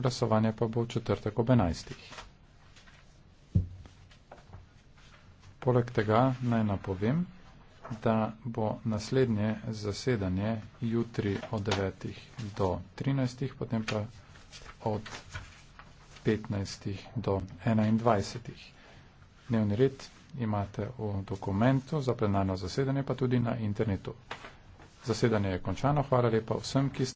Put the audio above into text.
glasovanje pa bo v četrtek ob 11. Poleg tega naj napovem, da bo naslednje zasedanje jutri od 9. do 13. potem pa od 15. do 21. Dnevni red imate v dokumentu za plenarno zasedanje, pa tudi na internetu. Zasedanje je končano. Hvala lepa vsem, ki ste.